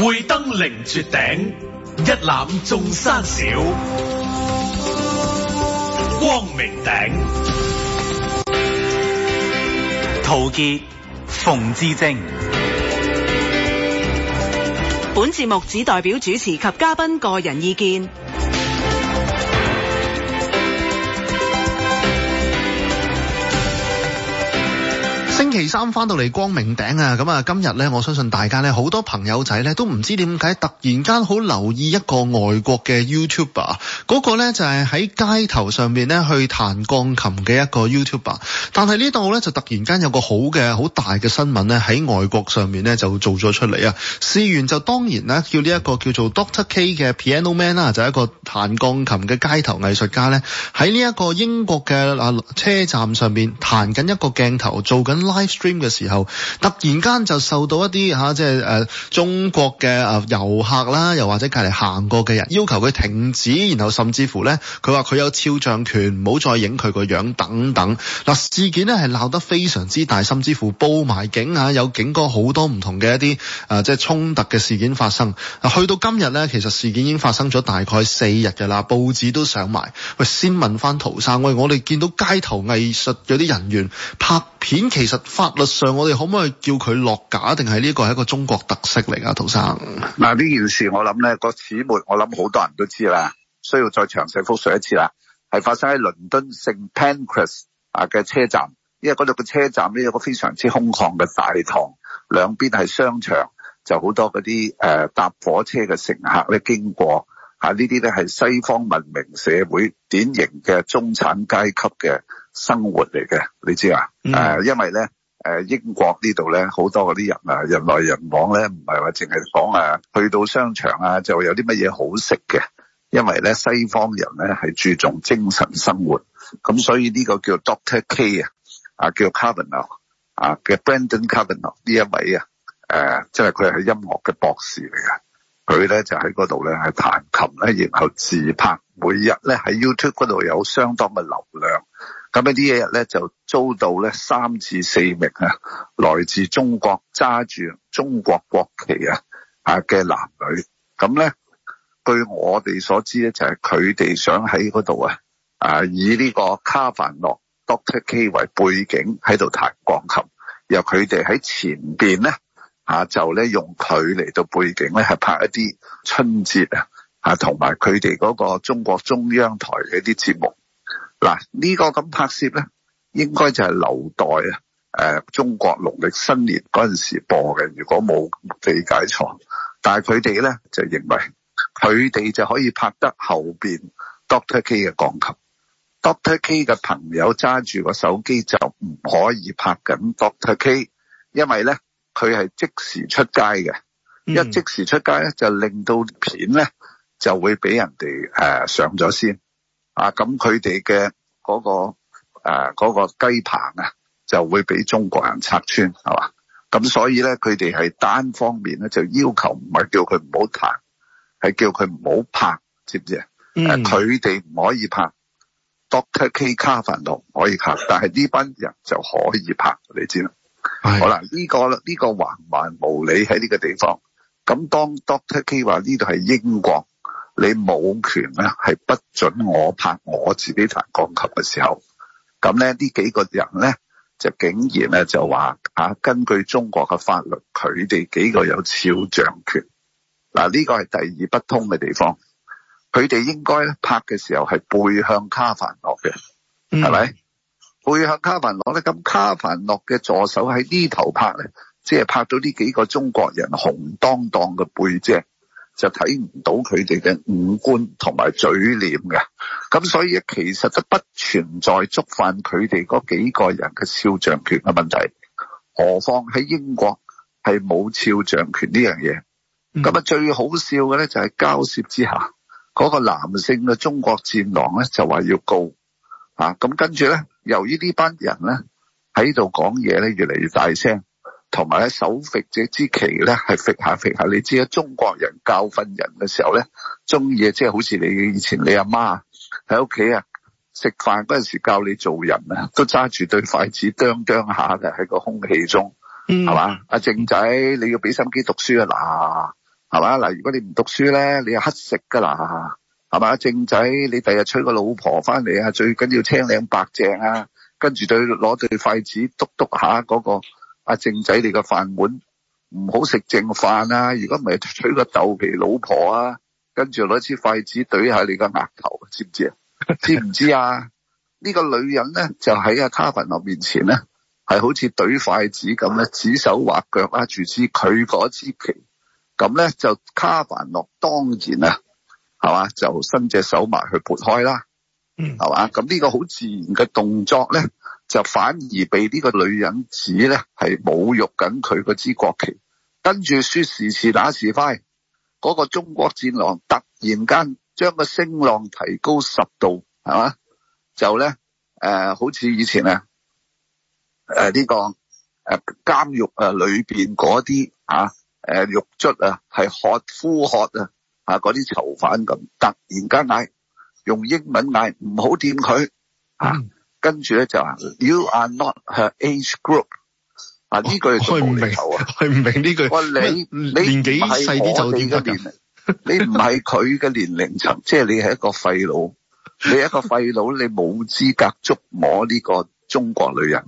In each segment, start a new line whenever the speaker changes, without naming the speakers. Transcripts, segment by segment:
會登凌絕頂，一覽眾山小。光明頂，陶傑、馮智政。本節目
只代表主持及嘉賓個人意見。
星期三翻到嚟光明頂啊！咁啊，今日呢，我相信大家呢，好多朋友仔呢都唔知點解突然間好留意一個外國嘅 YouTuber，嗰個呢就係喺街頭上面呢去彈鋼琴嘅一個 YouTuber。但係呢度呢，就突然間有個好嘅、好大嘅新聞呢喺外國上面呢就做咗出嚟啊！試完就當然啦、這個，叫呢一個叫做 Doctor K 嘅 Piano Man 啦，就係一個彈鋼琴嘅街頭藝術家呢。喺呢一個英國嘅啊車站上面彈緊一個鏡頭，做緊拉，live stream 嘅時候，突然間就受到一啲嚇，即係誒中國嘅遊客啦，又或者隔籬行過嘅人，要求佢停止，然後甚至乎咧，佢話佢有肖像權，唔好再影佢個樣等等。嗱、啊、事件咧係鬧得非常之大，甚至乎報埋警嚇、啊，有警過好多唔同嘅一啲誒即係衝突嘅事件發生。嗱、啊，去到今日咧，其實事件已經發生咗大概四日嘅啦，報紙都上埋。喂，先問翻陶生，喂，我哋見到街頭藝術有啲人員拍片，其實。法律上，我哋可唔可以叫佢落架？定係呢個係一個中國特色嚟噶，陶生
嗱，呢件事我諗咧、個始末，我諗好多人都知啦，需要再詳細複述一次啦。係發生喺倫敦聖 Pancras 啊，嘅車站，因為嗰度嘅車站咧有個非常之空曠嘅大堂，兩邊係商場，就好多嗰啲誒搭火車嘅乘客咧經過嚇、啊、呢啲咧係西方文明社會典型嘅中產階級嘅生活嚟嘅，你知啊？誒、嗯呃、因為咧。誒英國呢度咧，好多嗰啲人啊，人來人往咧，唔係話淨係講啊，去到商場啊，就有啲乜嘢好食嘅。因為咧，西方人咧係注重精神生活，咁所以呢個叫 Doctor K 啊，啊，叫 Cavanaugh 啊嘅 Brandon Cavanaugh 呢一位啊，誒，即係佢係音樂嘅博士嚟嘅，佢咧就喺嗰度咧係彈琴咧，然後自拍，每日咧喺 YouTube 嗰度有相當嘅流量。咁呢一日咧，就遭到咧三至四名啊，來自中國揸住中國國旗啊啊嘅男女。咁咧，據我哋所知咧，就係佢哋想喺嗰度啊啊，以呢個卡凡諾 Doctor K 為背景喺度彈鋼琴，由佢哋喺前面咧啊就咧用佢嚟到背景咧係拍一啲春節啊啊同埋佢哋嗰個中國中央台嘅啲節目。嗱、這個、呢個咁拍攝咧，應該就係留待啊、呃、中國農曆新年嗰陣時播嘅，如果冇理解錯。但係佢哋咧就認為，佢哋就可以拍得後面 Doctor K 嘅鋼琴。Doctor K 嘅朋友揸住個手機就唔可以拍緊 Doctor K，因為咧佢係即時出街嘅、嗯，一即時出街咧就令到片咧就會俾人哋上咗先。啊咁佢哋嘅嗰個誒嗰、呃嗰個雞棚啊，就會俾中國人拆穿係嘛？咁所以咧，佢哋係單方面咧就要求唔係叫佢唔好彈，係叫佢唔好拍，知唔知啊？嗯，佢哋唔可以拍，Doctor K 卡粉同唔可以拍，但係呢班人就可以拍，你知啦。係好啦，呢、呢個呢、呢個橫蠻無理喺呢個地方。咁當 Doctor K 話呢度係英國。你冇權咧，係不准我拍我自己彈鋼琴嘅時候。咁咧，呢幾個人咧就竟然咧就話根據中國嘅法律，佢哋幾個有肖像權。嗱，呢個係第二不通嘅地方。佢哋應該咧拍嘅時候係背向卡凡諾嘅，係咪？背向卡凡諾咧，咁卡凡諾嘅助手喺呢頭拍咧，即係拍到呢幾個中國人紅當當嘅背脊。就睇唔到佢哋嘅五官同埋嘴臉嘅，咁所以其實都不存在觸犯佢哋嗰幾個人嘅肖像權嘅問題。何況喺英國係冇肖像權呢樣嘢。咁、嗯、啊最好笑嘅咧就係交涉之下，嗰、嗰個男性嘅中國戰狼咧就話要告啊。咁跟住咧，由於呢班人咧喺度講嘢咧越嚟越大聲。同埋咧，守馭者之期咧，係馭下馭下。你知啊，中國人教訓人嘅時候咧，中意啊，即係好似你以前你阿媽喺屋企啊，食飯嗰陣時教你做人啊，都揸住對筷子，啄啄下嘅喺個空氣中，係嘛？阿、嗯啊、正仔，你要俾心機讀書啊嗱，係嘛嗱？如果你唔讀書咧，你又乞食㗎啦，係嘛、啊？正仔，你第日娶個老婆翻嚟啊，最緊要青靚白淨啊，跟住對攞對筷子篤篤下嗰、那個。阿、啊、靜仔你的飯碗，你個飯碗唔好食剩飯啊！如果唔係娶個豆皮老婆啊，跟住攞支筷子懟下你個額頭，知唔知啊？ 知唔知啊？呢、這個女人咧就喺阿卡凡諾面前咧，係好似懟筷子咁咧，指手畫腳啊，住支佢嗰支旗。咁咧就卡凡諾當然啊，係嘛？就伸隻手埋去撥開啦，嗯， 係嘛？咁呢個好自然嘅動作咧。就反而被呢個女人指，咧係侮辱緊佢嗰支國旗，跟住説時遲打時快，嗰、那個中國戰狼突然間將個聲浪提高十度，係嘛？就咧誒、呃，好似以前啊誒呢、啊這個誒監獄啊裏邊嗰啲嚇誒獄卒啊係喝呼喝啊嚇嗰啲囚犯咁，突然間嗌用英文嗌唔好掂佢啊！嗯跟住咧就話，You are not her age group。啊呢句我唔明啊，明我唔明呢句。哇，你年年你年紀細啲就你唔係佢嘅年齡層，即係你係一個廢佬，你一個廢佬， 你冇資格觸摸呢個中國女人。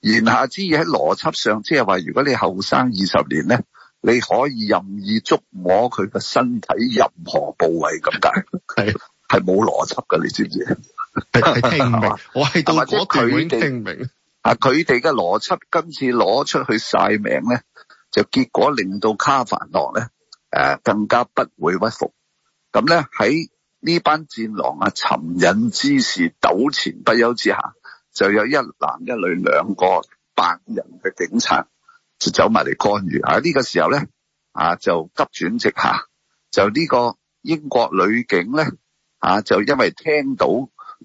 言下之意喺邏輯上，即係話如果你後生二十年咧，你可以任意觸摸佢個身體任何部位咁解？係係冇邏輯噶，你知唔知？係 聽唔不明懂， 我係佢哋嘅邏輯今次攞出去晒名咧，就結果令到卡凡諾咧，誒，更加不會屈服。咁咧喺呢班戰狼啊，尋釁滋事、糾纏不休之下，就有一男一女兩個白人嘅警察就走埋嚟干預。啊，呢個時候咧，啊，就急轉直下，就呢個英國女警咧，啊，就因為聽到。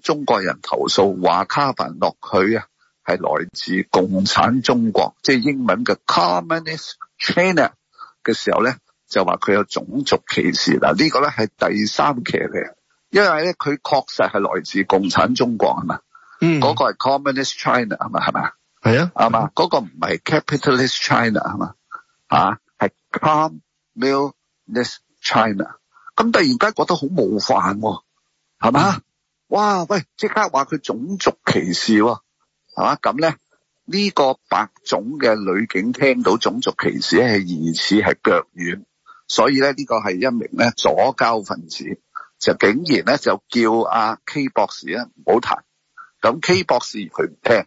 中國人投訴話卡凡落佢啊，係來自共產中國，即係英文嘅 Communist China 嘅時候咧，就話佢有種族歧視嗱，呢個咧係第三期嚟嘅，因為咧佢確實係來自共產中國係嘛？嗯，嗰個係 Communist China 係嘛？係嘛？係啊，係嘛，嗰個唔係 Capitalist China 係嘛？啊係 Communist China，咁突然間覺得好冒犯喎，係嘛？嗯哇喂！即刻話佢種族歧視喎，係嘛？咁咧呢個白種嘅女警聽到種族歧視係疑似係腳軟，所以咧呢個係一名咧左膠分子，就竟然咧就叫阿 K 博士咧唔好彈。咁 K 博士佢唔聽，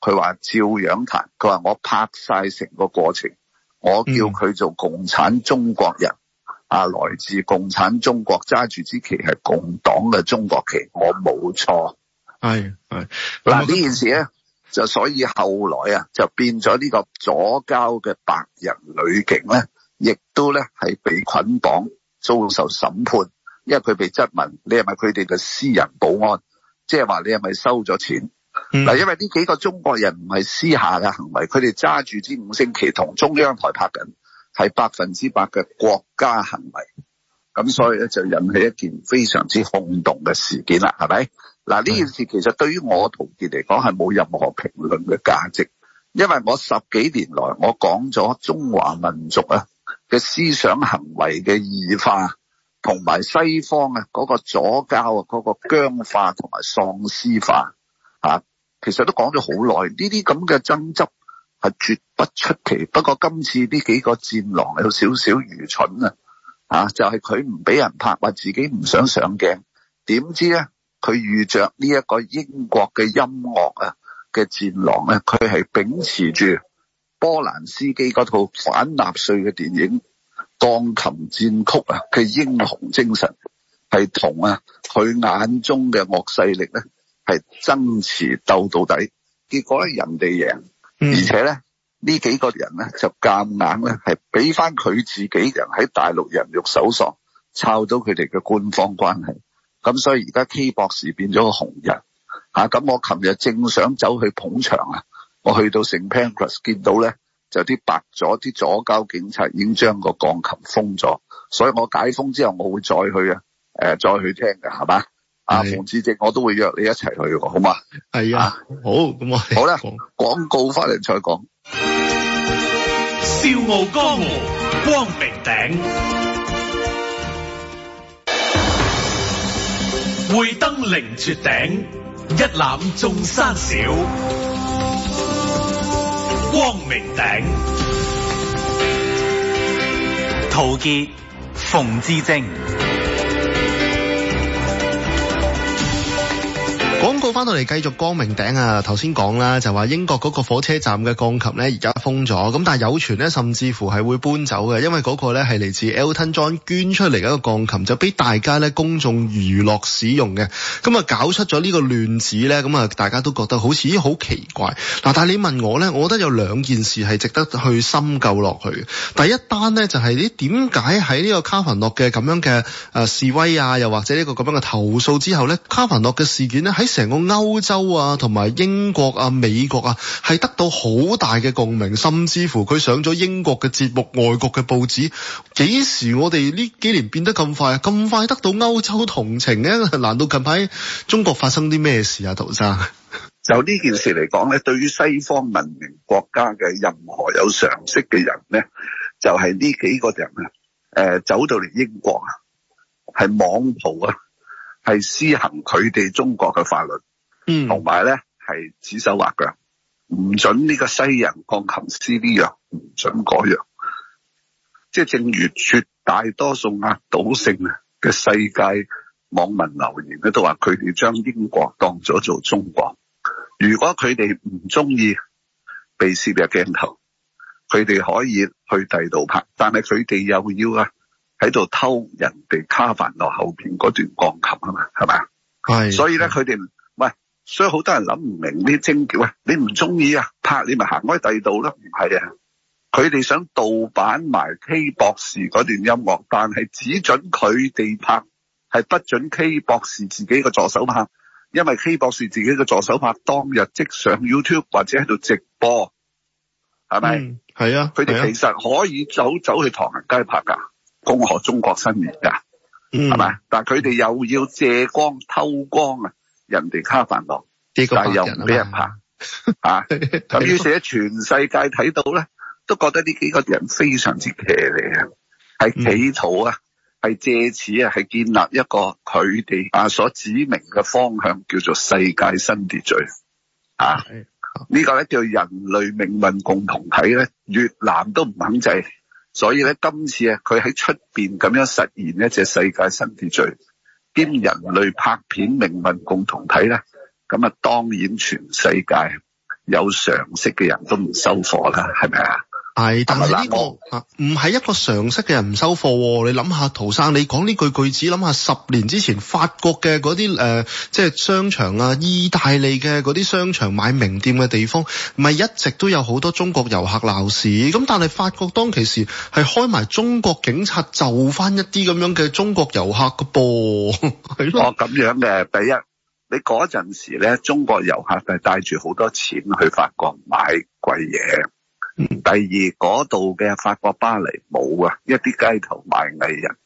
佢話照樣彈，佢話我拍曬成個過程，我叫佢做共產中國人。嗯啊！來自共產中國揸住支旗係共黨嘅中國旗，我冇錯。係係，嗱呢件事咧，就所以後來啊，就變咗呢個左膠嘅白人女警咧，亦都咧係被捆綁遭受審判，因為佢被質問：你係咪佢哋嘅私人保安？即係話你係咪收咗錢？嗱、嗯，因為呢幾個中國人唔係私下嘅行為，佢哋揸住支五星旗同中央台拍緊。係百分之百嘅國家行為，咁所以咧就引起一件非常之轟動嘅事件啦，係咪？嗱呢件事其實對於我陶傑嚟講係冇任何評論嘅價值，因為我十幾年來我講咗中華民族啊嘅思想行為嘅異化，同埋西方啊嗰個左膠啊嗰個僵化同埋喪屍化啊，其實都講咗好耐，呢啲咁嘅爭執。係絕不出奇，不過今次呢幾個戰狼有少少愚蠢啊！啊，就係佢唔俾人拍，話自己唔想上鏡。點知咧，佢遇着呢一個英國嘅音樂啊嘅戰狼咧，佢係秉持住波蘭斯基嗰套反納粹嘅電影《鋼琴戰曲》啊嘅英雄精神，係同啊佢眼中嘅惡勢力咧係爭持鬥到底。結果咧，人哋贏。嗯、而且咧，呢幾個人咧就夾硬咧係俾翻佢自己人喺大陸人肉搜索，抄到佢哋嘅官方關係。咁所以而家 K 博士變咗個紅人。嚇、啊、咁我琴日正想走去捧場啊，我去到聖 Pancras 見到咧就啲白左啲左膠警察已經將個鋼琴封咗，所以我解封之後我會再去啊、呃，再去聽嘅係嘛？阿馮智政，我都會約你一齊去㗎，好嘛？係啊，好咁我，好啦，廣告翻嚟再講。
笑傲江湖，光明頂，會登凌絕頂，一覽眾山小。光明頂，陶傑、馮智政。
翻到嚟繼續光明頂啊！頭先講啦，就話英國嗰個火車站嘅鋼琴咧，而家封咗。咁但係有傳咧，甚至乎係會搬走嘅，因為嗰個咧係嚟自 Elton John 捐出嚟嘅一個鋼琴，就俾大家咧公眾娛樂使用嘅。咁啊搞出咗呢個亂子咧，咁啊大家都覺得好似好奇怪。嗱，但係你問我咧，我覺得有兩件事係值得去深究落去。第一單呢，就係你點解喺呢個卡凡諾嘅咁樣嘅誒示威啊，又或者呢個咁樣嘅投訴之後咧，卡凡諾嘅事件咧喺成個歐洲啊，同埋英國啊、美國啊，係得到好大嘅共鳴，甚至乎佢上咗英國嘅節目、外國嘅報紙。幾時我哋呢幾年變得咁快，啊？咁快得到歐洲同情呢，啊？難道近排中國發生啲咩事啊？陶生，
就呢件事嚟講咧，對於西方文明國家嘅任何有常識嘅人咧，就係、是、呢幾個人啊，誒、呃，走到嚟英國啊，係網暴啊，係施行佢哋中國嘅法律。嗯，同埋咧係指手畫腳，唔准呢個西人鋼琴師呢樣，唔准嗰樣。即係正如絕大多數壓倒性啊嘅世界網民留言咧，都話佢哋將英國當咗做中國。如果佢哋唔中意被攝嘅鏡頭，佢哋可以去第度拍，但係佢哋又要啊喺度偷人哋卡凡諾後邊嗰段鋼琴啊嘛，係咪？係，所以咧佢哋。所以好多人諗唔明啲徵調啊！你唔中意啊拍你咪行開第二度咯，唔係啊！佢哋想盜版埋 K 博士嗰段音樂，但係只准佢哋拍，係不准 K 博士自己個助手拍，因為 K 博士自己個助手拍當日即上 YouTube 或者喺度直播，係咪？係、嗯、啊！佢哋、啊、其實可以走走去唐人街拍噶，恭賀中國新年噶，係、嗯、咪？但係佢哋又要借光偷光啊！人哋黑反共，但係又俾人怕、啊啊、 於是喺全世界睇到咧，都覺得呢幾個人非常之騎呢啊，係企圖啊，係借此啊，係建立一個佢哋啊所指明嘅方向，叫做世界新秩序啊。啊啊這
個、
呢個咧叫人類命運共同體咧，越南都唔肯制，所以咧今次啊，佢喺出面咁樣實現一隻世界新秩序。兼人類拍片命運共同體啦。咁啊，當然全世界有常識嘅人都唔收貨啦，係咪啊？係，但係呢個
唔係一個常識嘅人唔收貨。你諗下，陶生，你講呢句句子，諗下十年之前法國嘅嗰啲誒，即係商場啊，意大利嘅嗰啲商場買名店嘅地方，唔係一直都有好多中國遊客鬧事。咁但係法國當其時係開埋中國警察就翻一啲咁樣嘅中國遊客噶噃，
係咯？哦，咁樣嘅，第一，你嗰陣時咧，中國遊客就係帶住好多錢去法國買貴嘢。第二嗰度嘅法國巴黎冇啊，一啲街頭賣藝人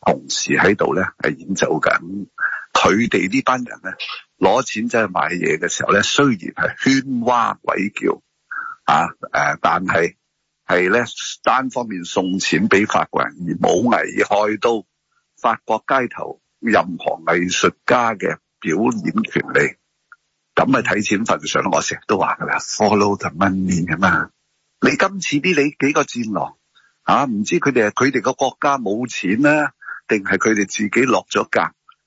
同時喺度咧係演奏緊，佢哋呢班人咧攞錢走去買嘢嘅時候咧，雖然係喧嘩鬼叫啊誒、啊，但係係咧單方面送錢俾法國人，而冇危害到法國街頭任何藝術家嘅表演權利。咁咪睇錢份上，我成日都話㗎啦，follow the money 啊嘛～你今次啲你幾個戰狼啊？唔知佢哋係佢哋個國家冇錢啦、啊，定係佢哋自己落咗格？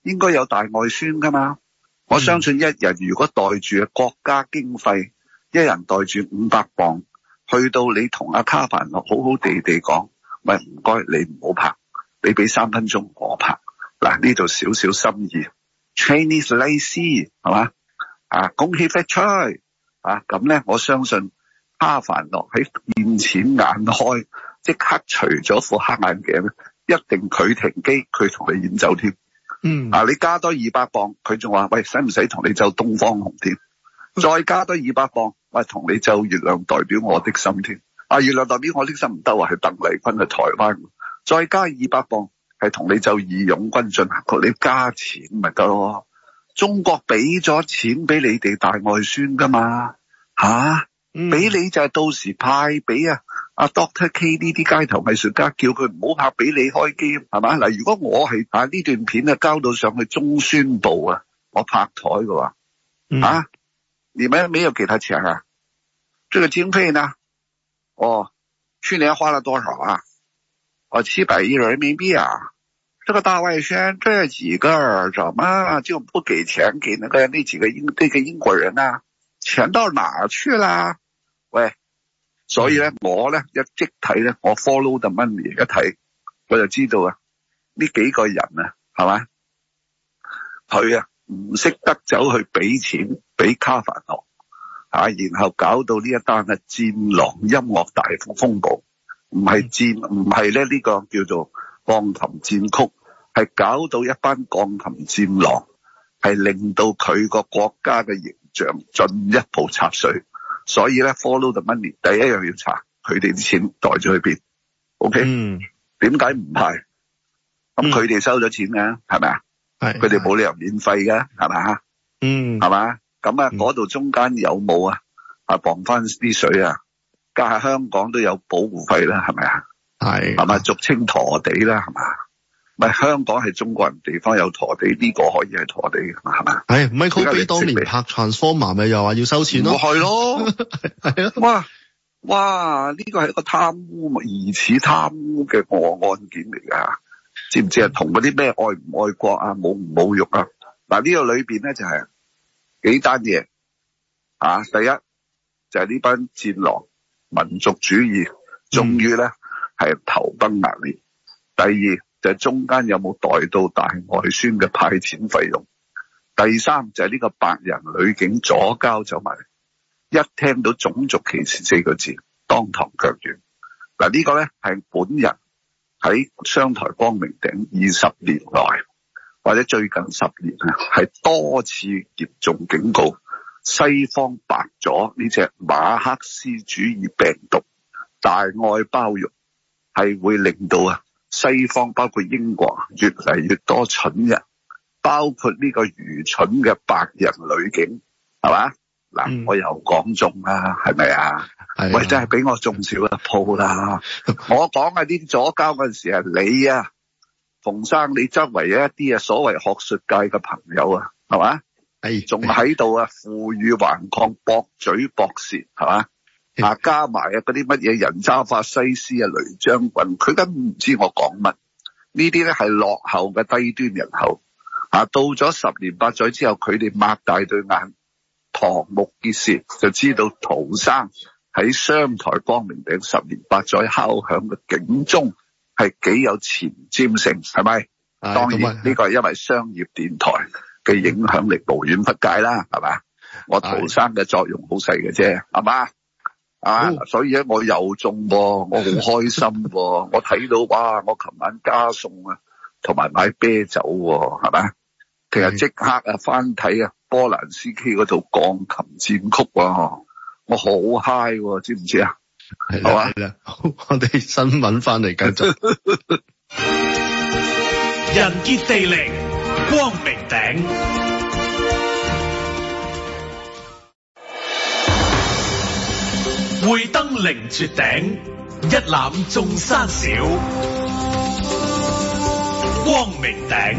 應該有大外宣噶嘛、嗯？我相信一人如果袋住國家經費，一人袋住五百磅，去到你同阿卡凡好好地地講，咪唔該你唔好拍，你俾三分鐘我拍。嗱，呢度少少心意，Chinese lady 係嘛啊，恭喜發財啊，咁咧我相信。哈凡樂喺見錢眼開，即刻除咗副黑眼鏡咧，一定佢停機，佢同你演奏添。嗯啊，你加多二百磅，佢仲話喂，使唔使同你奏東方紅添，嗯？再加多二百磅，喂、哎，同你奏月亮代表我的心添。啊，月亮代表我的心唔得啊，係鄧麗君去台灣。再加二百磅，係同你奏義勇軍進行曲。你加錢咪得咯？中國俾咗錢俾你哋大外宣噶嘛？吓、啊？俾你就係到時派俾啊阿 Doctor K 呢啲街頭藝術家，叫佢唔好拍俾你開機，係嘛？嗱，如果我係拍呢段片啊，交到上去中宣部啊，我拍台嘅話、嗯，啊，你咪有俾佢錢啊？追、這個經費呢？哦，去年花了多少啊？哦，七百億人民幣啊？這個大外宣這幾個，知道嘛？就不給錢給那個那幾個英，這、那個那個英國人啊？錢到哪去啦？喂，所以咧，我咧一即睇咧，我 follow the money 一睇，我就知道啊，呢幾個人啊，係咪？佢啊唔識得走去俾錢俾卡凡樂，吓、啊，然後搞到呢一單嘅，戰狼音樂大風暴，唔係戰唔係咧呢個叫做鋼琴戰曲，係搞到一班鋼琴戰狼，係令到佢個國家嘅形象進一步插水。所以咧，follow the money，第一樣要查佢哋啲錢袋咗去邊。OK，點解唔係？咁佢哋收咗錢嘅，係咪啊？係，佢哋冇理由免費噶，係咪、嗯、啊？嗯，係嘛？咁啊，嗰度中間有冇啊？啊，傍返啲水啊！家下香港都有保護費啦，係咪啊？係，係咪俗稱陀地啦，係嘛？唔係香港係中國人的地方有陀地呢，這個可以係陀地嘅，係嘛？係、哎、Michael B 當年拍
《Transformer》咪又話要收錢咯，係咯，
係啊。哇哇呢個係一個貪污疑似貪污嘅個案件嚟嘅，知唔知啊？同嗰啲咩愛唔愛國啊，侮唔侮辱啊？嗱呢個裏邊咧就係幾單嘢啊，第一就係呢班戰狼民族主義終於咧係頭崩額裂，第二。就係、是、中間有冇代到大外宣嘅派錢費用？第三就係、是、呢個白人女警左膠就埋，一聽到種族歧視四個字，當堂腳軟。嗱呢個咧係本人喺商台光明頂二十年來，或者最近十年啊，係多次嚴重警告西方白左呢隻馬克思主義病毒大愛包容係會令到啊。西方包括英國越嚟越多蠢人，包括呢個愚蠢嘅白人女警，係嘛？嗱、嗯，我又講中啦，係咪啊？喂，真係俾我中少一鋪啦！ 我講啊，啲左膠嗰陣時啊，你啊，馮生，你周圍一啲啊所謂學術界嘅朋友啊，係嘛？係仲喺度啊，負隅頑抗，駁嘴駁舌，係嘛？啊！加埋啊，嗰啲乜嘢人渣法西斯啊，雷將軍，佢根本唔知我講乜。呢啲咧係落後嘅低端人口。啊，到咗十年八載之後，佢哋擘大對眼，瞠目結舌，就知道陶生喺商台光明頂十年八載敲響嘅警鐘係幾有前瞻性，係咪？當然呢個係因為商業電台嘅影響力無遠不屆啦，係嘛？我陶生嘅作用好細嘅啫，係嘛？啊！所以咧，我又中，我好開心。 我睇到哇，我琴晚加餸啊，同埋買啤酒，係咪？其實即刻啊，翻睇啊，波蘭斯基嗰套鋼琴戰曲，我好嗨喎，知唔知啊？好啊，好，我哋新聞翻嚟繼續 。
人傑地靈，光明頂。會登凌絕頂，一覽眾山小。光明頂，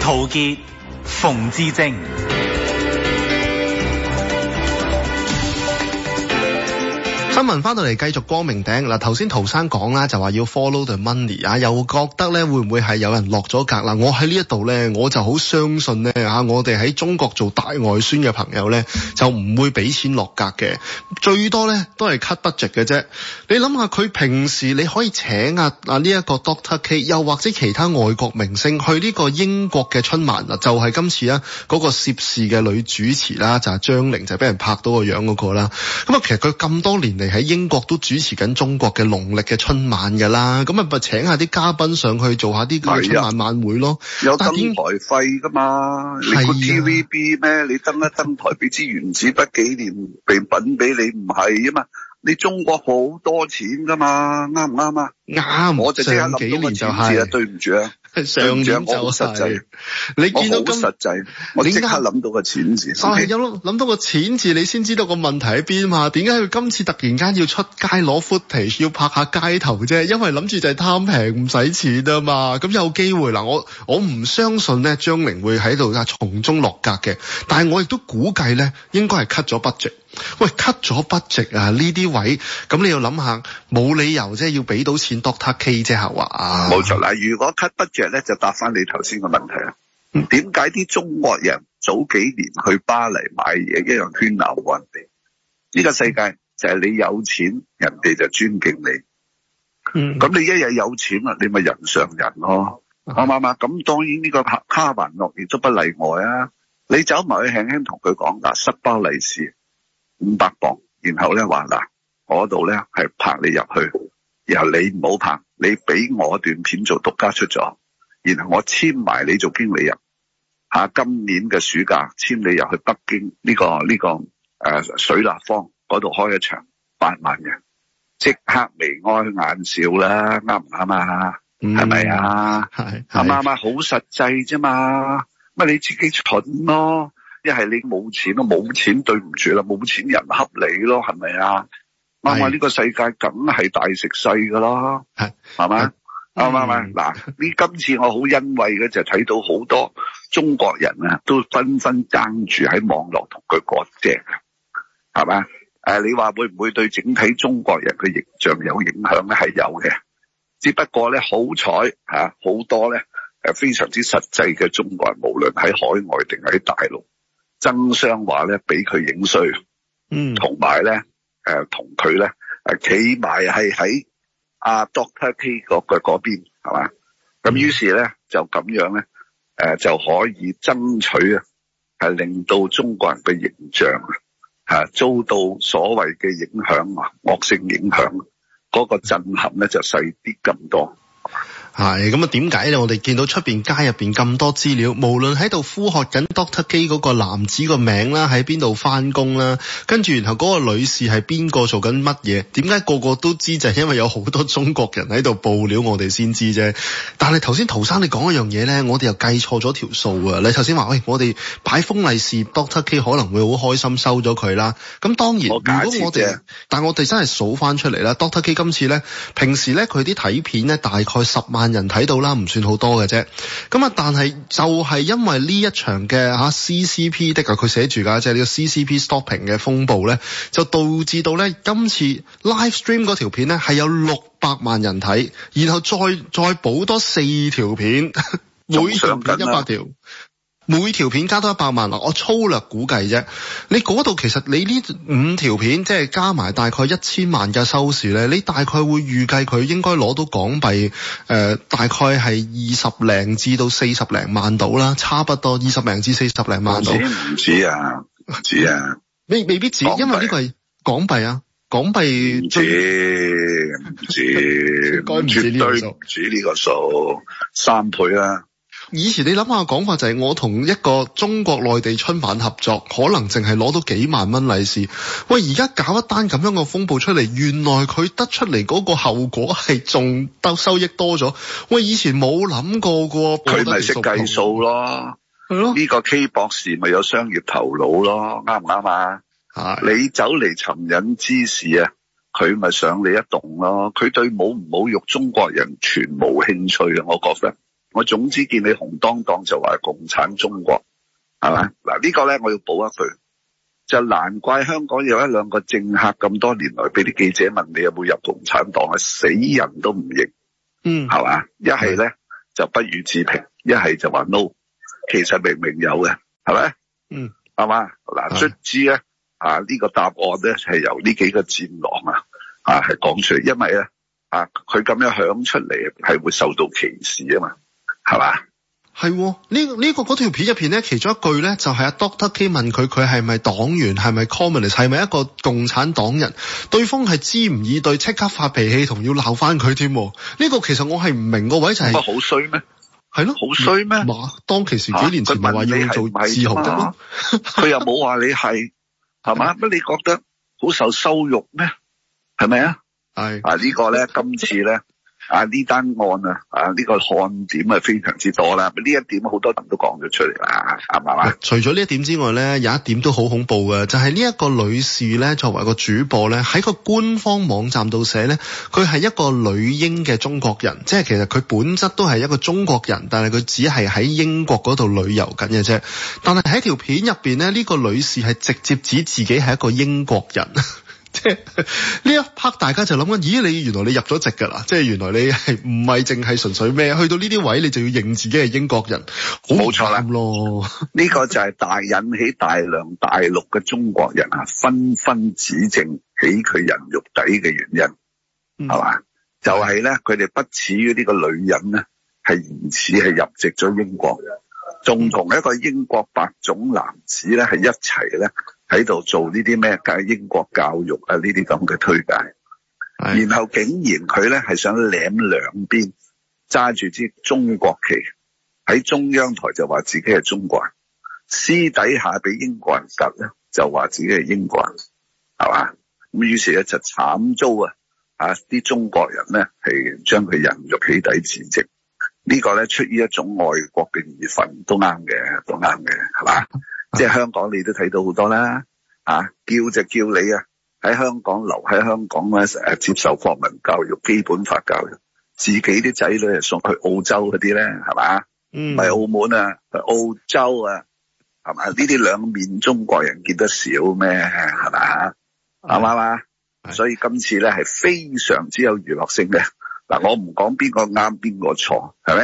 陶傑、馮智政。咁聞翻到
嚟，繼續光明頂嗱。頭先陶生講啦，就話要 follow the money 啊，又覺得咧會唔會係有人落咗格啦？我喺呢一度咧，我就好相信咧嚇，我哋喺中國做大外宣嘅朋友咧，就唔會俾錢落格嘅，最多咧都係 cut budget 嘅啫。你諗下，佢平時你可以請啊啊呢一個 Doctor K，又或者其他外國明星去呢個英國嘅春晚啊，就係今次啊嗰個涉事嘅女主持啦，就係張玲，就係俾人拍到個樣嗰個啦。咁啊，其實佢咁多年嚟，喺英國都主持緊中國嘅農曆嘅春晚㗎啦，咁咪請下啲嘉賓上去做下啲嘅春晚晚會咯。
有登台費㗎嘛？你估 TVB 咩？你登一登台俾支原子筆紀念被品俾你，唔係啊嘛？你中國好多錢㗎嘛？啱唔啱啊？啱，我就即啊！就是、對唔住啊！常見就係、是，你見到今我好實際，我即刻諗到個錢字。
有諗到個錢字，你先、哎、知道個問題喺邊嘛？點解佢今次突然間要出街攞 footage，要拍下街頭啫？因為諗住就係貪平，唔使錢啊嘛。咁有機會嗱，我我唔相信咧，張明會喺度啊從中落格嘅。但係我亦都估計咧，應該係 cut 咗 budget。喂，cut 咗 budget 啊！呢啲位咁，你要諗下，冇理由即係要俾到錢 Doctor K 啫，係啊，
冇錯嗱，如果 cut budget 呢，咧，就答翻你頭先嘅問題啦。點解啲中國人早幾年去巴黎買嘢一樣圈鬧過人哋？呢、嗯，這個世界就係你有錢，人哋就尊敬你。咁、嗯、你一日有錢啦，你咪人上人咯，啱唔啱啊？咁、嗯、當然呢個卡文諾亦都不例外啊！你走埋去輕輕同佢講嗱，塞、啊、包利是。五百磅，然後咧話嗱，我度咧係拍你入去，然後你唔好拍，你俾我段片做獨家出咗，然後我簽埋你做經理人，吓今年嘅暑假簽你入去北京呢、呢個呢、呢個誒、呃、水立方嗰度開一場八萬人，即刻眉開眼笑啦，啱唔啱啊？係咪啊？啱唔啱啊？好實際啫嘛，咪你自己蠢咯。一係你冇錢咯，冇錢對唔住啦，冇錢人恰你咯，係咪啊？啱唔啱？呢個世界梗係大食細噶啦，係嘛？啱唔啱？嗱，呢、嗯、今次我好欣慰嘅就睇到好多中國人啊，都紛紛爭住喺網絡同佢割蓆，係嘛？誒，你話會唔會對整體中國人嘅形象有影響咧？係有嘅，只不過咧好彩吓，好多咧誒非常之實際嘅中國人，無論喺海外定喺大陸。爭相話咧俾佢影衰，嗯，同埋咧誒，同佢咧誒，企埋係喺阿 Doctor K 國嘅嗰邊係嘛？咁於是咧就咁樣咧誒、呃，就可以爭取啊，係令到中國人嘅形象啊，吓遭到所謂嘅影響啊，惡性影響嗰、那個震撼咧就細啲咁多。
係咁啊？點解咧？我哋見到出面街入面咁多資料，無論喺度呼喝緊 Doctor K 嗰個男子個名啦，喺邊度翻工啦，跟住然後嗰個女士係邊個做緊乜嘢？點解個個都知？就係、是、因為有好多中國人喺度報料我，我哋先知啫。但係頭先陶生你講一樣嘢咧，我哋又計錯咗條數啊！你頭先話喂，我哋擺封利是 Doctor K 可能會好開心收咗佢啦。咁當然，如果我哋，但我哋真係數翻出嚟啦，Doctor K 今次咧，平時咧佢啲睇片咧大概十萬。人睇到啦，唔算好多嘅啫。咁啊，但係就係因為呢一場嘅吓 CCP 的佢寫住噶，即係呢個 CCP stopping 嘅風暴咧，就導致到咧今次 live stream 嗰條片咧係有六百萬人睇，然後再再補多四條片，每條片一百條。每條片加多一百萬嗱，我粗略估計啫。你嗰度其實你呢五條片即係加埋大概一千萬嘅收視咧，你大概會預計佢應該攞到港幣、呃、大概係二十零至到四十零萬度啦，差不多二十零至四十零萬度。唔
止啊，唔止啊， 未未必止，因為呢個係港幣啊，港幣唔止，唔止， 該絕對唔止呢個數，三倍啦、啊。
以前你諗下講法就係我同一個中國內地春晚合作，可能淨係攞到幾萬蚊利是。喂，而家搞一單咁樣嘅風暴出嚟，原來佢得出嚟嗰個後果係仲得收益多咗。喂，以前冇諗
過喎。佢咪識計數咯，係咯？呢個 K 博士咪有商業頭腦咯，啱唔啱啊？你走嚟尋釁滋事啊，佢咪想你一棟咯。佢對冇唔侮辱中國人全冇興趣啊，我覺得。我總之見你紅當當就話共產中國係咪？嗱？嗯呢個、呢個咧我要補一句，就難怪香港有一兩個政客咁多年來俾啲記者問你有冇入共產黨啊，死人都唔認，是嗯係嘛？一係咧就不予置評，一係就話 no。其實明明有嘅係咪？
嗯
係嘛嗱？卒之咧啊呢、呢個答案咧係由呢幾個戰狼啊啊係講出嚟，因為咧啊佢咁、啊、樣響出嚟係會受到歧視啊嘛。
係嘛？係呢呢個嗰條、這個、片入邊咧，其中一句咧就係、是、阿 Doctor K 問佢佢係咪黨員，係咪 Communist，係咪一個共產黨人，人？對方係支唔以對，即刻發脾氣，同要鬧翻佢添。呢、這個其實我係唔明個位就係乜好衰咩？係咯，好衰咩？當其時幾年前咪話、啊、要做自豪噶，
佢 又冇話你係，係嘛？乜你覺得好受羞辱咩？係咪啊？係、這、啊、個，呢個咧今次咧。啊！呢單
案啊，啊！呢個看點啊，非常之多啦。呢一點好多人都講咗出嚟啦，係咪啊？除咗呢一點之外呢，有一點都好恐怖嘅，就係呢一個女士呢，作為個主播呢，喺個官方網站度寫呢，佢係一個女英嘅中國人，即係其實佢本質都係一個中國人，但係佢只係喺英國嗰度旅遊緊嘅啫。但係喺條片入邊呢，呢個女士係直接指自己係一個英國人。即係呢一 part，大家就諗緊，咦？你原來你入咗籍㗎啦！即係原來你係唔係淨係純粹咩？去到呢啲位，你就要認自己係英國人，冇錯啦。
呢 個就係大引起大量大陸嘅中國人啊，紛紛指正起佢人肉底嘅原因，係、嗯、嘛？就係、是、咧，佢哋不似於呢個女人咧，係唔似係入籍咗英國，仲同一個英國白種男子咧，係一齊咧。喺度做呢啲咩？介英國教育啊，呢啲咁嘅推介，然後竟然佢咧係想攬兩邊，揸住支中國旗喺中央台就話自己係中國人，私底下俾英國人揼咧就話自己係英國人，係嘛？咁於是咧就慘遭啊！啊！啲中國人咧係將佢人肉起底辭職，這個、呢個咧出於一種外國嘅義憤都啱嘅，都啱嘅，係嘛？是吧？即係香港，你都睇到好多啦，啊，叫就叫你啊，喺香港留喺香港咧，成日、啊、接受國民教育、基本法教育，自己啲仔女又送去澳洲嗰啲咧，係嘛？嗯，唔係澳門啊，去澳洲啊，係嘛？呢啲兩面中國人見得少咩？係嘛？啱啱啊？所以今次咧係非常之有娛樂性嘅。嗱， 我唔講邊個啱邊個錯，係、嗯、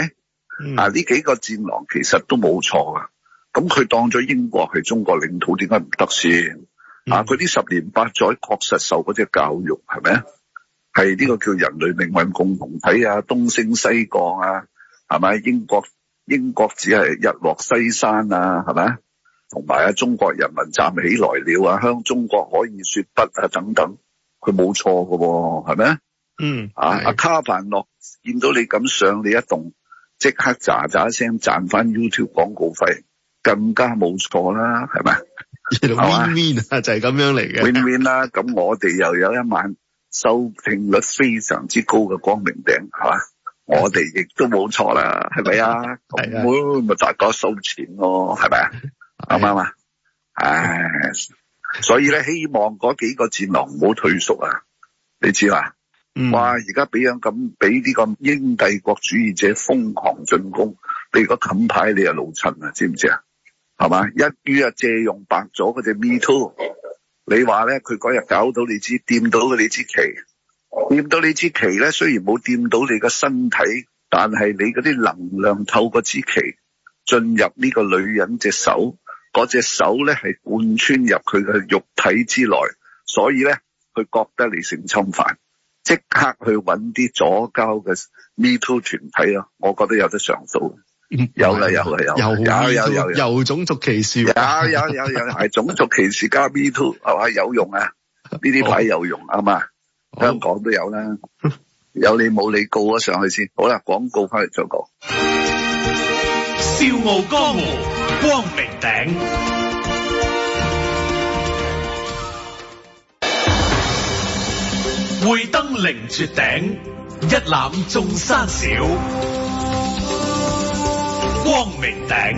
咪？啊，呢幾個戰狼其實都冇錯噶。咁佢當咗英國係中國領土，點解唔得先啊？佢啲十年八載，確實受嗰隻教育，係咪？係呢個叫人類命運共同體啊，東升西降啊，係咪？英國英國只係日落西山啊，係咪？同埋啊，中國人民站起來了啊，向中國可以說不啊，等等，佢冇錯噶，係咪？嗯啊，阿卡凡諾見到你咁上，你一動即刻喳喳聲賺翻 YouTube 廣告費。更加冇錯啦，係咪？Win win 啊，就係咁樣嚟嘅。Win win 啦，咁我哋又有一晚收聽率非常之高嘅光明頂，係嘛？我哋亦都冇錯啦，係咪啊？咁咪大家收錢咯，係咪啊？啱啱？唉，所以咧，希望嗰幾個戰狼唔好退縮啊！你知嘛？哇！而家俾樣咁俾呢個英帝國主義者瘋狂進攻，譬如講近排你又老襯啊，知唔知啊？係嘛？一於啊，借用白咗嗰隻 Me Too，你話咧，佢嗰日搞到你知掂到嘅支旗，掂到你支旗咧，雖然冇掂到你嘅身體，但係你嗰啲能量透過支旗進入呢個女人隻手，嗰隻手咧係貫穿入佢嘅肉體之內，所以咧，佢覺得你性侵犯，即刻去揾啲左膠嘅 Me Too 團體啊，我覺得有得上訴。有啦，有啦，有有有有有，有，有種族歧視，
有有有有
係種族歧視加 B two 係咪有用啊？呢啲牌有用啱嘛？哦啊嗯？香港都有啦， 有你冇你告咗上去先。好啦，廣告翻嚟再講。
笑傲江湖，光明頂，會登凌絕頂，一覽眾山小。光明頂，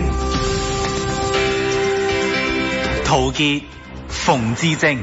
陶傑、馮智政。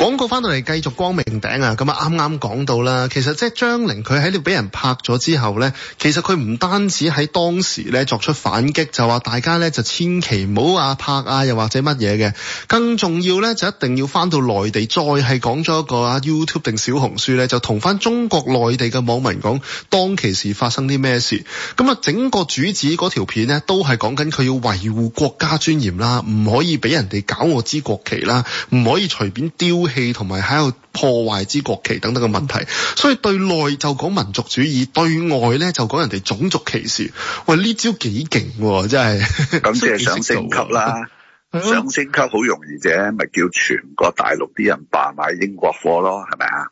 廣告翻到嚟繼續光明頂啊！咁啊啱啱講到啦，其實即係張玲佢喺度俾人拍咗之後呢，其實佢唔單止喺當時呢作出反擊，就話大家呢就千祈唔好啊拍啊，又或者乜嘢嘅。更重要呢，就一定要翻到內地，再係講咗一個啊 YouTube 定小紅書呢，就同翻中國內地嘅網民講當其時發生啲咩事。咁啊整個主旨嗰條片呢，都係講緊佢要維護國家尊嚴啦，唔可以俾人哋搞我支國旗啦，唔可以隨便丟。氣同埋喺度破壞之國旗等等嘅問題，所以對內就講民族主義，對外咧就講人哋種族歧視。喂，呢招幾勁喎，真係
咁，即係想升級啦，想 升級好容易啫，咪叫全國大陸啲人罷買英國貨咯，係咪啊？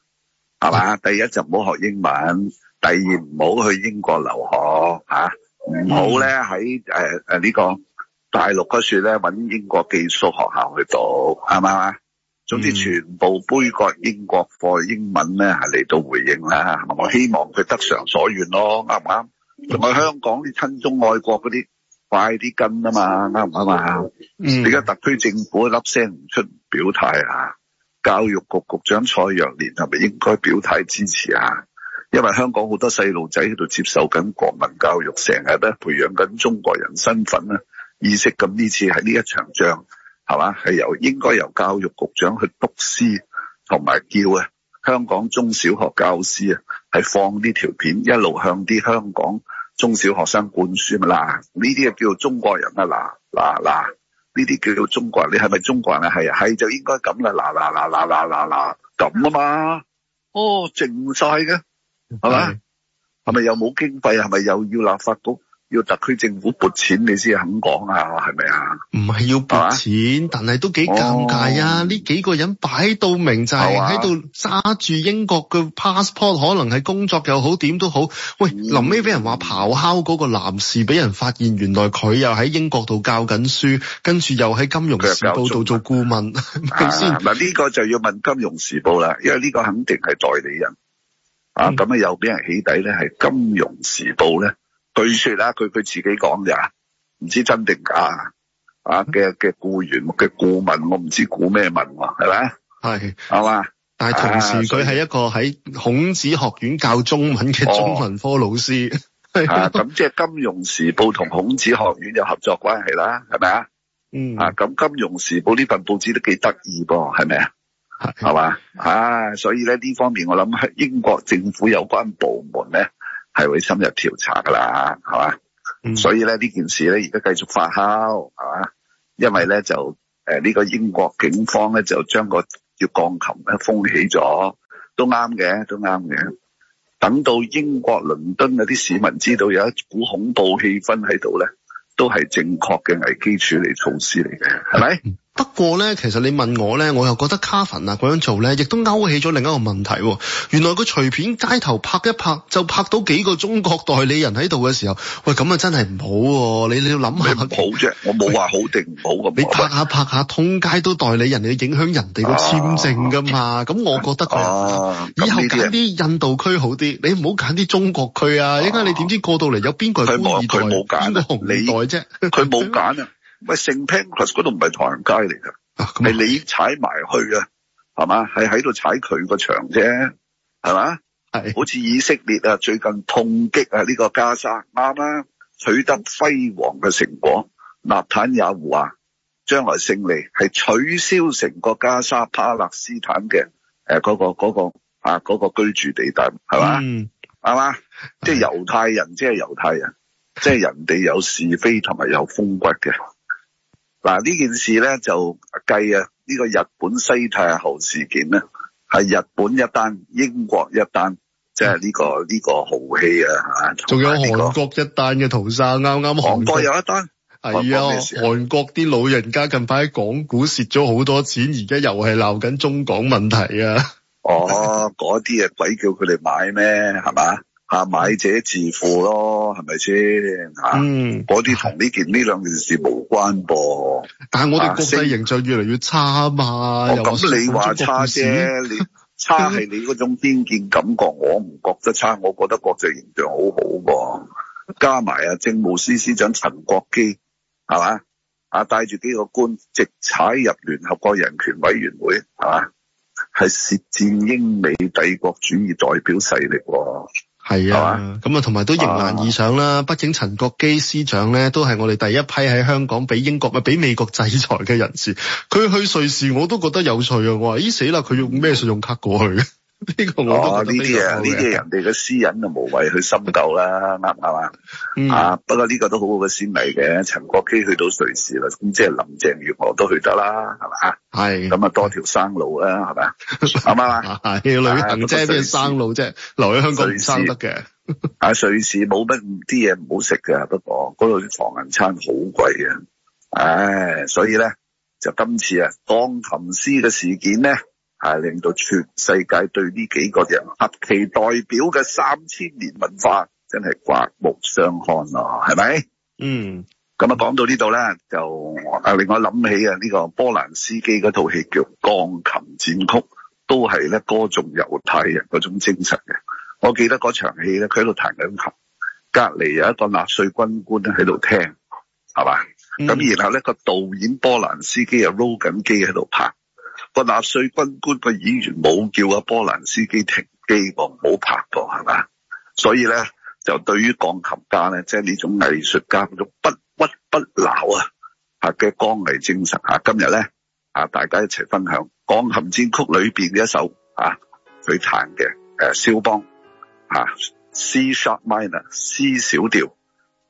係嘛，第一就唔好學英文，第二唔好去英國留學吓，唔好咧喺誒誒呢個大陸嗰處咧搵英國寄宿學校去讀，係咪啊？總之，全部杯葛英國課英文咧，嚟、嗯、到回應啦。我希望佢得償所願咯、哦，啱唔啱？同、嗯、埋香港啲親中愛國嗰啲，快啲跟啊嘛，啱唔啱嘛？而、嗯、家特區政府一粒聲唔出表態啊！教育局局長蔡若蓮係咪應該表態支持啊？因為香港好多細路仔喺度接受緊國民教育，成日咧培養緊中國人身份咧意識，咁呢次喺呢一場仗。係嘛？係由應該由教育局長去督師同埋叫啊！香港中小學教師啊，係放呢條片一路向啲香港中小學生灌輸啦。呢啲啊叫做中國人啊！嗱嗱嗱，呢啲叫做中國人。你係咪中國人啊？係啊，係就應該咁啦！嗱嗱嗱嗱嗱嗱嗱咁啊嘛。哦，靜晒嘅係咪？係咪又冇經費啊？係咪又要立法局？要特區政府撥錢，你先肯講啊？係咪
啊？唔係要撥錢，但係都幾尷尬啊！呢、哦、幾個人擺到明就係喺度揸住英國嘅 passport，可能係工作又好，點都好。喂，臨尾俾人話咆哮嗰個男士，俾人發現原來佢又喺英國度教緊書，跟住又喺金融時報度做顧問。 啊，唔係
呢個就要問金融時報啦，因為呢個肯定係代理人、嗯、啊。咁啊，又俾人起底咧，係金融時報咧。據說啦，佢佢自己講咋，唔知真定假、嗯、啊嘅嘅僱員嘅顧問，我唔知估咩問係、啊、咪？係
係嘛？但係同時佢係、啊、一個喺孔子學院教中文嘅中文科老師。咁、
哦啊、即係《金融時報》同孔子學院有合作關係啦，係咪、嗯、啊？嗯啊，咁《金融時報》呢份報紙都幾得意噃，係咪啊？係嘛啊，所以咧呢方面我諗英國政府有關部門咧。係會深入調查噶啦，係嘛、嗯，所以咧呢件事咧而家繼續發酵，係嘛，因為咧就誒呢、呃這個英國警方咧就將個叫鋼琴咧封起咗，都啱嘅，都啱嘅。等到英國倫敦嗰啲市民知道有一股恐怖氣氛喺度咧，都係正確嘅危機處理措施嚟嘅，係咪？
不過咧，其實你問我咧，我又覺得卡粉啊，咁樣做咧，亦都勾起咗另一個問題。原來佢隨便街頭拍一拍，就拍到幾個中國代理人喺度嘅時候，喂，咁啊真係唔
好。你你要諗下好啫，我冇話好定唔好。你拍
下拍下，通街都代理人，你影響人哋個簽證噶嘛？咁、啊、我覺得佢、啊，以後揀啲印度區好啲、啊，你唔好揀啲中國區啊！一、啊、間你點知過到嚟有邊個係富二代，邊
個紅二代啫？佢冇佢冇揀啊！ 喂，聖 c 克拉 s 嗰度唔係唐人街嚟噶，係、啊、你踩埋去啊，係嘛？係喺度踩佢個場啫，係嘛？係好似以色列啊，最近痛擊啊呢個加沙，啱啦，取得輝煌嘅成果。納坦也華將來勝利係取消成個加沙巴勒斯坦嘅誒嗰個嗰、那個啊嗰、那個居住地帶，係嘛？係、嗯、嘛？即係猶太人，即係猶太人，即係人哋有是非同埋有風骨嘅。嗱、啊、呢件事咧就計啊，呢、呢個日本西太后事件咧係日本一單，英國一單，即係呢個呢、嗯呢個豪氣啊嚇，
仲有韓、呢個、國一單嘅屠殺，啱啱韓國有一單係、哎、啊，韓國啲老人家近排喺港股蝕咗好多錢，而家又係鬧緊中港問題
啊。哦，嗰啲嘢鬼叫佢哋買咩？係嘛？啊！買者自負咯，係咪先？嗯，嗰啲同呢件呢兩件事無關噃。但係我哋國際
形象越嚟越差嘛。咁、啊哦、你話差啫，
你差係你嗰種偏見感覺， 我唔覺得差，我覺得國際形象好好喎。加埋啊，政務司司長陳國基係嘛啊，帶住幾個官直踩入聯合國人權委員會係嘛，係舌戰英美帝國主義代表勢力。係啊，
咁啊，同埋都迎難而上啦。畢竟陳國基司長咧，都係我哋第一批喺香港俾英國咪俾美國制裁嘅人士。佢去瑞士我都覺得有趣啊！我話：哎「咦死啦，佢用咩信用卡過去？」
呢、這個我都唔呢啲啊，呢啲人哋嘅私隱就無謂去深究啦，啱唔啱啊？啊、응 ，uh, 不過呢個都很好好嘅先例嘅，陳國基去到瑞士啦，咁即係林鄭月娥都去得啦，係嘛？係，咁 啊多條生路啦，係咪啊？啱唔啱啊？要嚟去鄧姐咩生
路即啫？
留喺香港唔生得嘅。啊，瑞士冇乜啲嘢唔好食嘅，不過嗰度啲唐人餐好貴啊。唉， 所以咧就今次啊，鋼琴師嘅事件咧。係、啊、令到全世界對呢幾個人，尤其代表嘅三千年文化，真係刮目相看啦、啊，係咪？嗯，咁啊，講到呢度咧，就令我諗起啊，呢、這個波蘭斯基嗰套戲叫《鋼琴戰曲》，都係咧歌頌猶太人嗰種精神嘅。我記得嗰場戲咧，佢喺度彈緊琴，隔籬有一個納粹軍官咧喺度聽，係嘛？咁、嗯、然後咧、這個導演波蘭斯基啊 roll 緊機喺度拍。個納粹軍官個演員冇叫阿波蘭斯基停機噃，冇拍噃係嘛？所以咧就對於鋼琴家咧，即係呢種藝術家叫做不屈不撓啊吓嘅剛毅精神吓，今日咧啊大家一齊分享鋼琴戰曲裏邊嘅一首啊佢彈嘅誒肖邦吓 C sharp minor C 小調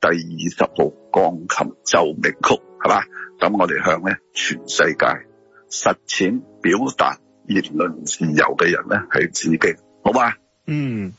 第二十號鋼琴奏鳴曲係嘛？咁我哋向咧全世界。實踐表達言論自由嘅人咧，係自己，好嗎？嗯。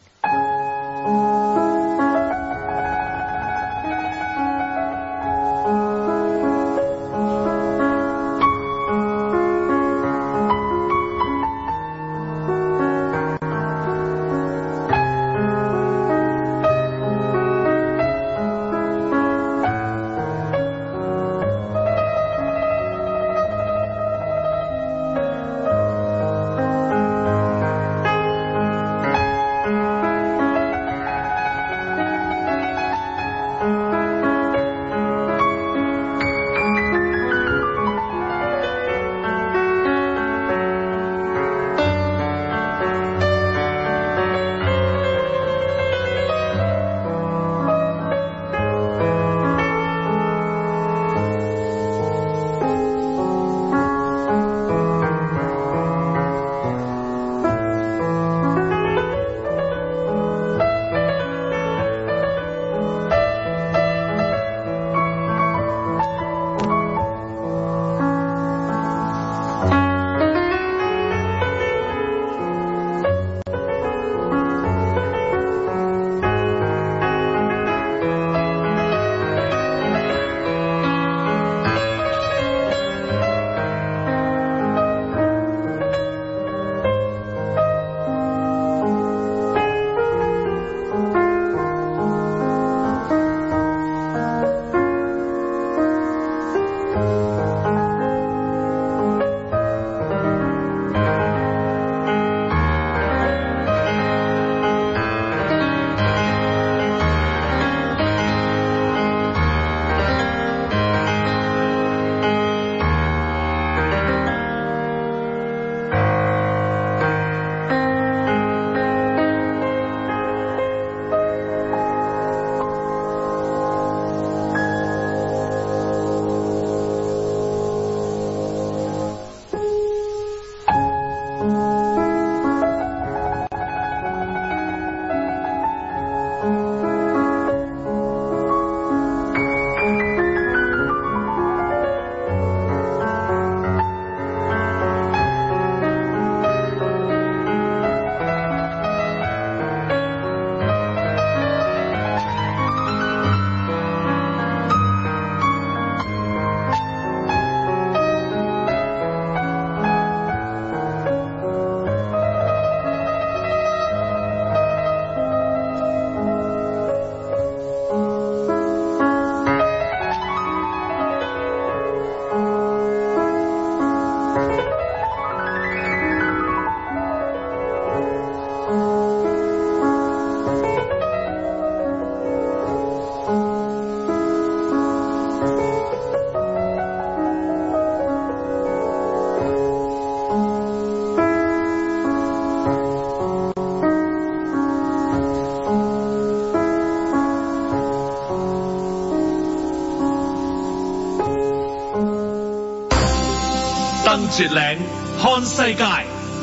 絕嶺看世界，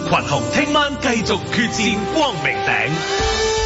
群雄聽晚繼續決戰光明頂。